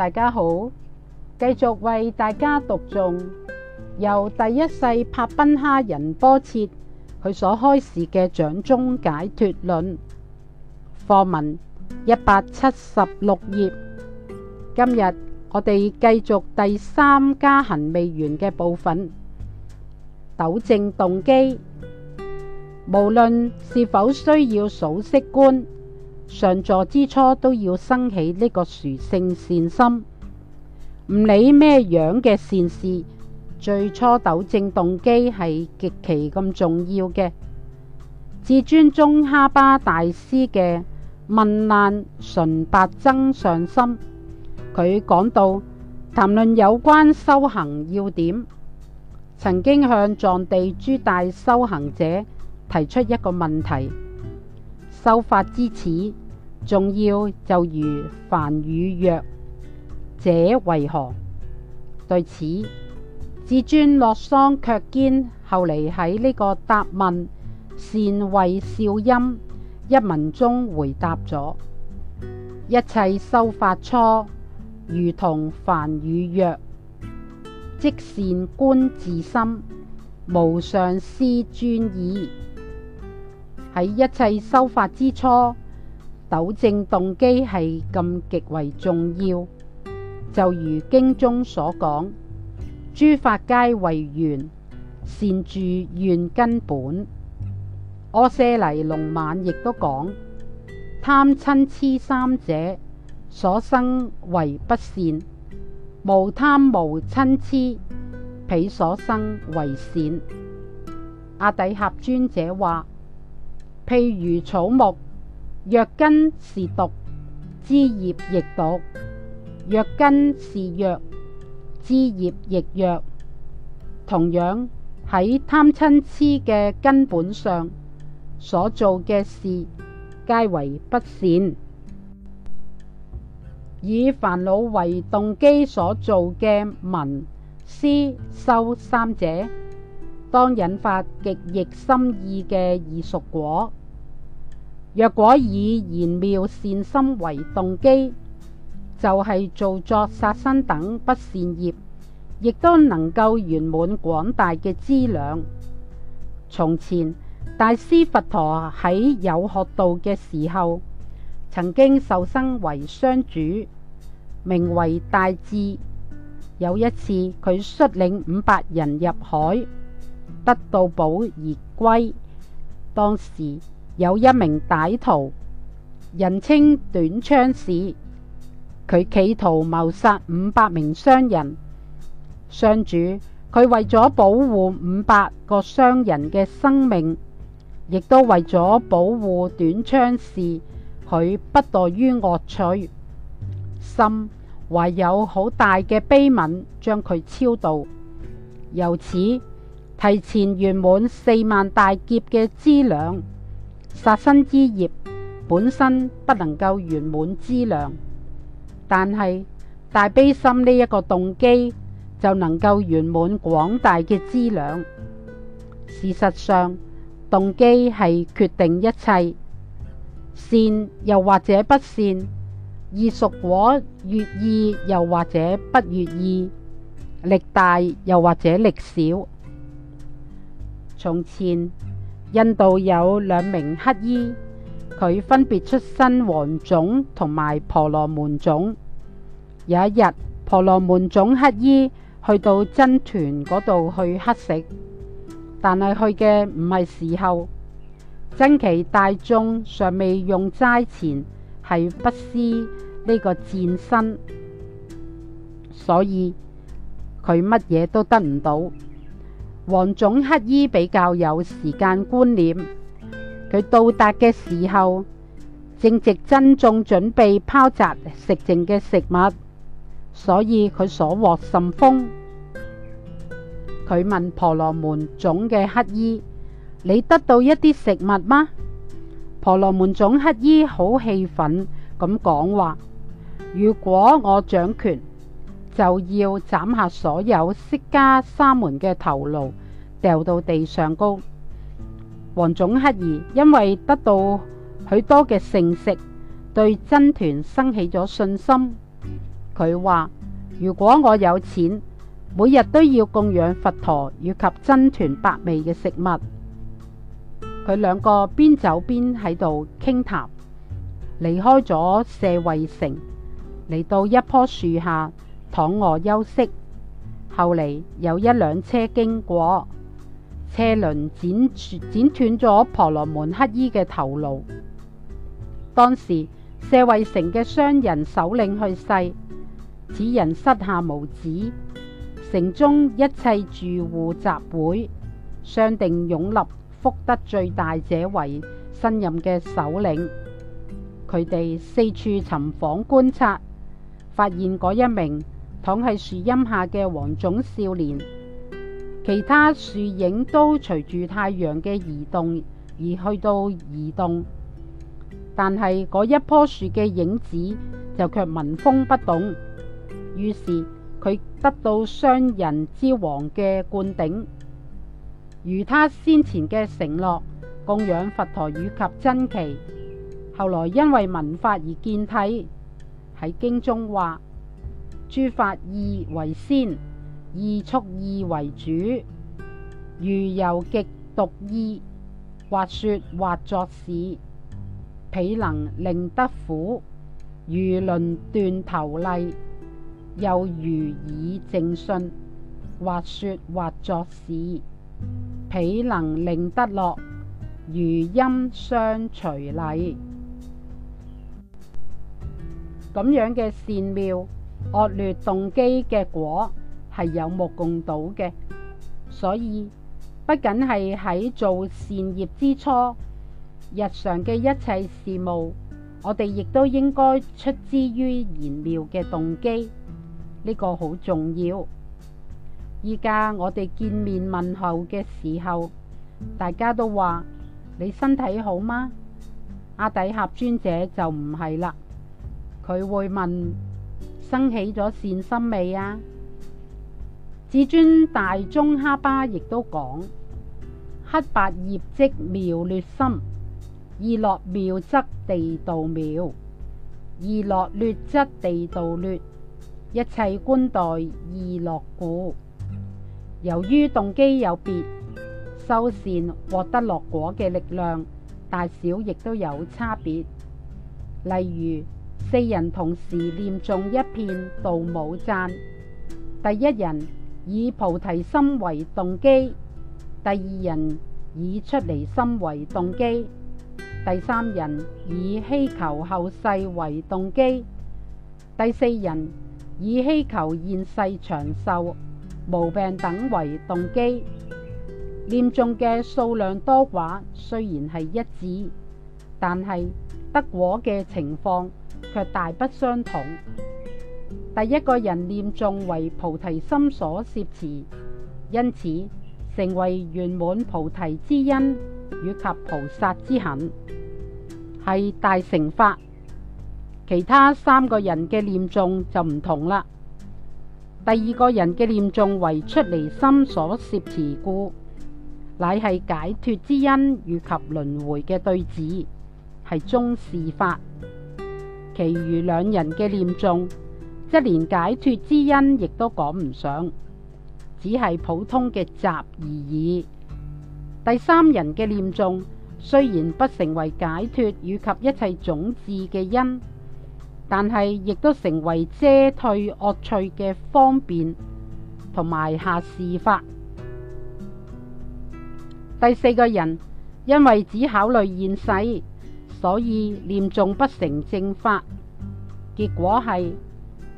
大家好，繼續為大家讀誦由第一世帕賓哈仁波切佢所開示嘅《掌中解脫論》課文一百七十六頁。今日我哋繼續第三加行未完嘅部分，糾正動機，無論是否需要數息觀。上座之初都要生起呢個殊勝善心，唔理咩樣嘅善事，最初糾正動機係極其咁重要嘅。至尊宗喀巴大師嘅問難純白增上心，佢講到談論有關修行要點，曾經向藏地諸大修行者提出一個問題：修法之始。重要就如凡與若者為何？對此，至尊洛桑卻堅後嚟喺呢個答問善慧笑音一文中回答咗：一切修法初，如同凡與若，即善觀自心，無上師尊矣。喺一切修法之初。糾正動機係咁極為重要，就如經中所講，諸法皆為緣，善住願根本。阿闍黎龍猛亦都講，貪瞋痴三者所生為不善，無貪無瞋痴彼所生為善。阿底峽尊者話，譬如草木。若根是毒，枝葉亦毒；若根是藥，枝葉亦藥。同樣喺貪嗔癡嘅根本上所做嘅事，皆為不善。以煩惱為動機所做嘅聞、思、修三者，當引發極易心意嘅異熟果。若果以賢妙善心為動機，就係、是、做作殺生等不善業，亦都能夠圓滿廣大嘅資糧。從前大師佛陀喺有學道嘅時候，曾經受生為商主，名為大智。有一次佢率領五百人入海，得到寶而歸，當時。有一名歹徒，人稱短槍士，佢企圖謀殺五百名商人。商主佢為咗保護五百個商人嘅生命，亦都為咗保護短槍士，佢不墮於惡趣，心懷有好大嘅悲憫，將佢超度，由此提前圓滿四萬大劫嘅資糧。殺身之業本身不能夠圓滿資糧，但係大悲心呢一個動機就能夠圓滿廣大嘅資糧。事實上，動機係決定一切善又或者不善，異熟果願意又或者不願意，力大又或者力小。從前。印度有兩名乞兒，佢分別出身王種同埋婆羅門種。有一日，婆羅門種乞兒去到僧團嗰度去乞食，但係去嘅唔係時候。僧伽大眾尚未用齋前係不思呢個戰身，所以佢乜嘢都得唔到。黃種乞衣比較有時間觀念，佢到達嘅時候正值珍重準備拋擲食剩嘅食物，所以佢所獲甚豐。佢問婆羅門種嘅乞衣：你得到一啲食物嗎？婆羅門種乞衣好氣憤咁講話：如果我掌權。就要斬下所有釋迦沙門嘅頭顱，掉到地上高。黃總乞兒因為得到許多嘅聖食，對僧團生起咗信心。佢話：如果我有錢，每日都要供養佛陀以及僧團百味嘅食物。佢兩個邊走邊喺度傾談，離開咗舍衛城，嚟到一棵樹下，躺臥休息，後嚟，有一輛車經過，車輪剪剪斷咗婆羅門乞衣嘅頭顱。當時舍衛城嘅商人首領去世，此人膝下無子，城中一切住戶集會，商定擁立福德最大者為新任嘅首領。佢哋四處尋訪觀察，發現嗰一名。躺喺樹蔭下嘅黃種少年，其他樹影都隨住太陽嘅移動而去到移動，但係嗰一棵樹嘅影子就卻紋風不動。於是佢得到商人之王嘅灌頂，如他先前嘅承諾，供養佛陀與及珍奇。後來因為聞法而見諦喺經中話。諸法意為先，意速意為主。如有極獨意，或說或作事，彼能令得苦；如論斷頭例，又如以正信，或說或作事，彼能令得樂。如音相隨例，咁樣嘅善妙。惡劣動機嘅果係有目共睹嘅，所以不僅係喺做善業之初，日常嘅一切事務，我哋亦都應該出之於賢妙嘅動機，呢、這個好重要。依家我哋見面問候嘅時候，大家都話你身體好嗎？阿底峽尊者就唔係啦，佢會問。生起咗善心未啊？至尊大宗喀巴亦都講：黑白業及妙劣心，意樂妙則地道妙，意樂劣則地道劣。一切觀待意樂故，由於動機有別，修善獲得樂果嘅力量大小亦都有差別。例如。四人同時念誦一遍度母讚。第一人以菩提心為動機，第二人以出離心為動機，第三人以希求後世為動機，第四人以希求現世長壽、無病等為動機。念誦嘅數量多寡雖然係一致，但係得果嘅情況，卻大不相同。第一個人念誦為菩提心所攝持，因此成為圓滿菩提之因以及菩薩之行，係大乘法。其他三個人嘅念誦就唔同啦。第二個人嘅念誦為出離心所攝持故，故乃係解脫之因以及輪迴嘅對治，係中事法。其餘兩人嘅念誦，一連解脱之因亦都講唔上，只係普通嘅習而已。第三人嘅念誦雖然不成為解脱以及一切種智嘅因，但係亦都成為遮退惡趣嘅方便同埋下士法。第四個人因為只考慮現世。所以念誦不成正法，結果係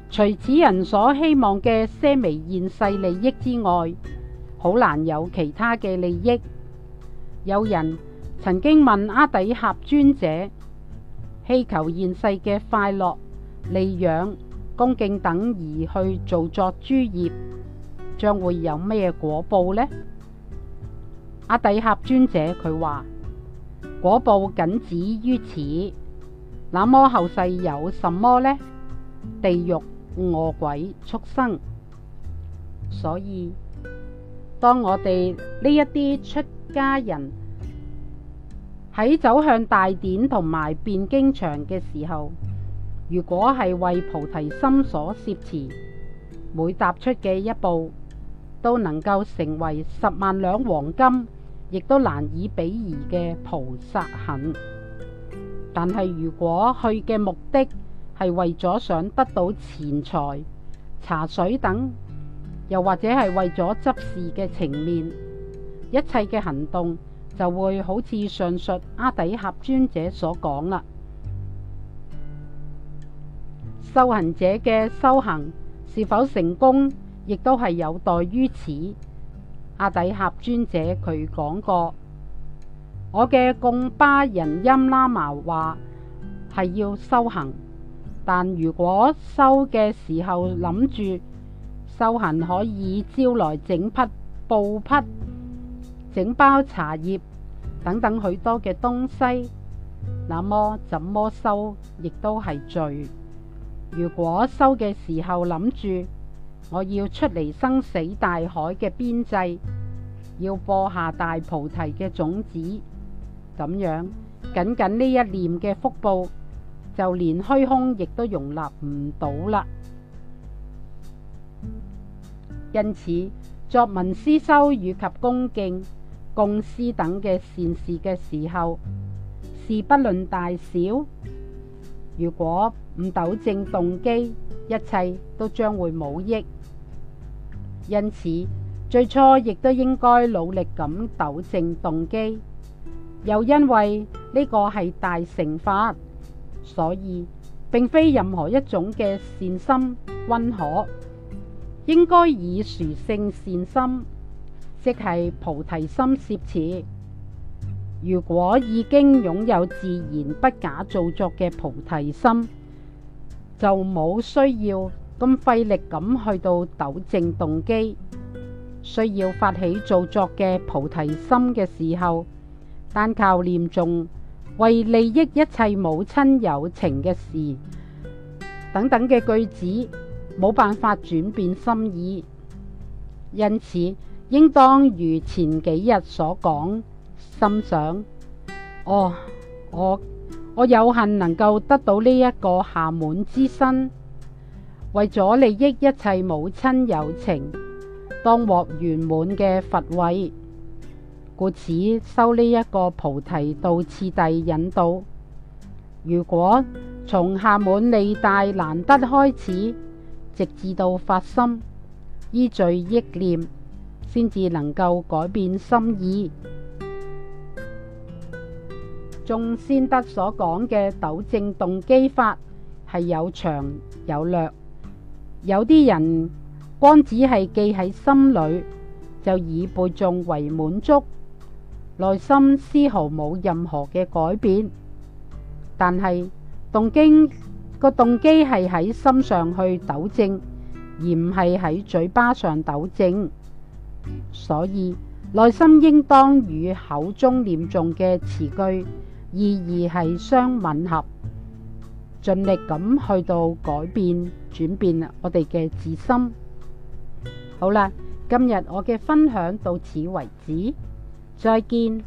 除此人所希望嘅些微現世利益之外，好難有其他嘅利益。有人曾經問阿底峽尊者：希求現世嘅快樂、利養、恭敬等而去做作諸業，將會有咩果報呢？阿底峽尊者佢話。果報僅止於此，那麼後世有什麼呢？地獄、餓鬼、畜生。所以，當我哋呢一啲出家人喺走向大典同埋辯經場嘅時候，如果係為菩提心所攝持，每踏出嘅一步，都能夠成為十萬兩黃金。亦都難以比擬嘅菩薩行，但係如果去嘅目的係為咗想得到錢財、茶水等，又或者係為咗執事嘅情面，一切嘅行動就會好似上述阿底峽尊者所講啦。修行者嘅修行是否成功，亦都係有待於此。阿底峽尊者佢講過，我嘅貢巴仁欽喇嘛話係要修行，但如果修嘅時候諗住修行可以招來整匹布匹、整包茶葉等等許多嘅東西，那麼怎麼修亦都係罪。如果修嘅時候諗住，我要出嚟生死大海嘅邊際，要播下大菩提嘅種子，咁樣僅僅呢一念嘅福報，就連虛空亦都容納唔到啦。因此，作文思修與及恭敬、共思等嘅善事嘅時候，事不論大小。如果唔糾正動機，一切都將會冇益。因此，最初亦都應該努力咁糾正動機。又因為呢個係大乘法，所以並非任何一種嘅善心均可，應該以殊勝善心，即係菩提心攝持。如果已經擁有自然不假造作嘅菩提心，就冇需要。咁費力咁去到糾正動機，需要發起造作嘅菩提心嘅時候，但靠念誦為利益一切母親有情嘅事等等嘅句子，冇辦法轉變心意。因此，應當如前幾日所講，心想：哦、我我我有幸能夠得到呢一個暇滿之身。為咗利益一切母親有情，當獲圓滿嘅佛位，故此修呢一個菩提道次第引導。如果從暇滿利大難得開始，直至到發心，依序憶念，先至能夠改變心意。眾先德所講嘅端正動機法係有長有略。有啲人光只係記喺心裏，就以背誦為滿足，內心絲毫冇任何嘅改變。但係動機，個動機係喺心上去糾正，而唔係喺嘴巴上糾正。所以內心應當與口中念誦嘅詞句意義係相吻合。盡力咁去到改變、轉變啊！我哋嘅自心。好啦，今日我嘅分享到此為止，再見。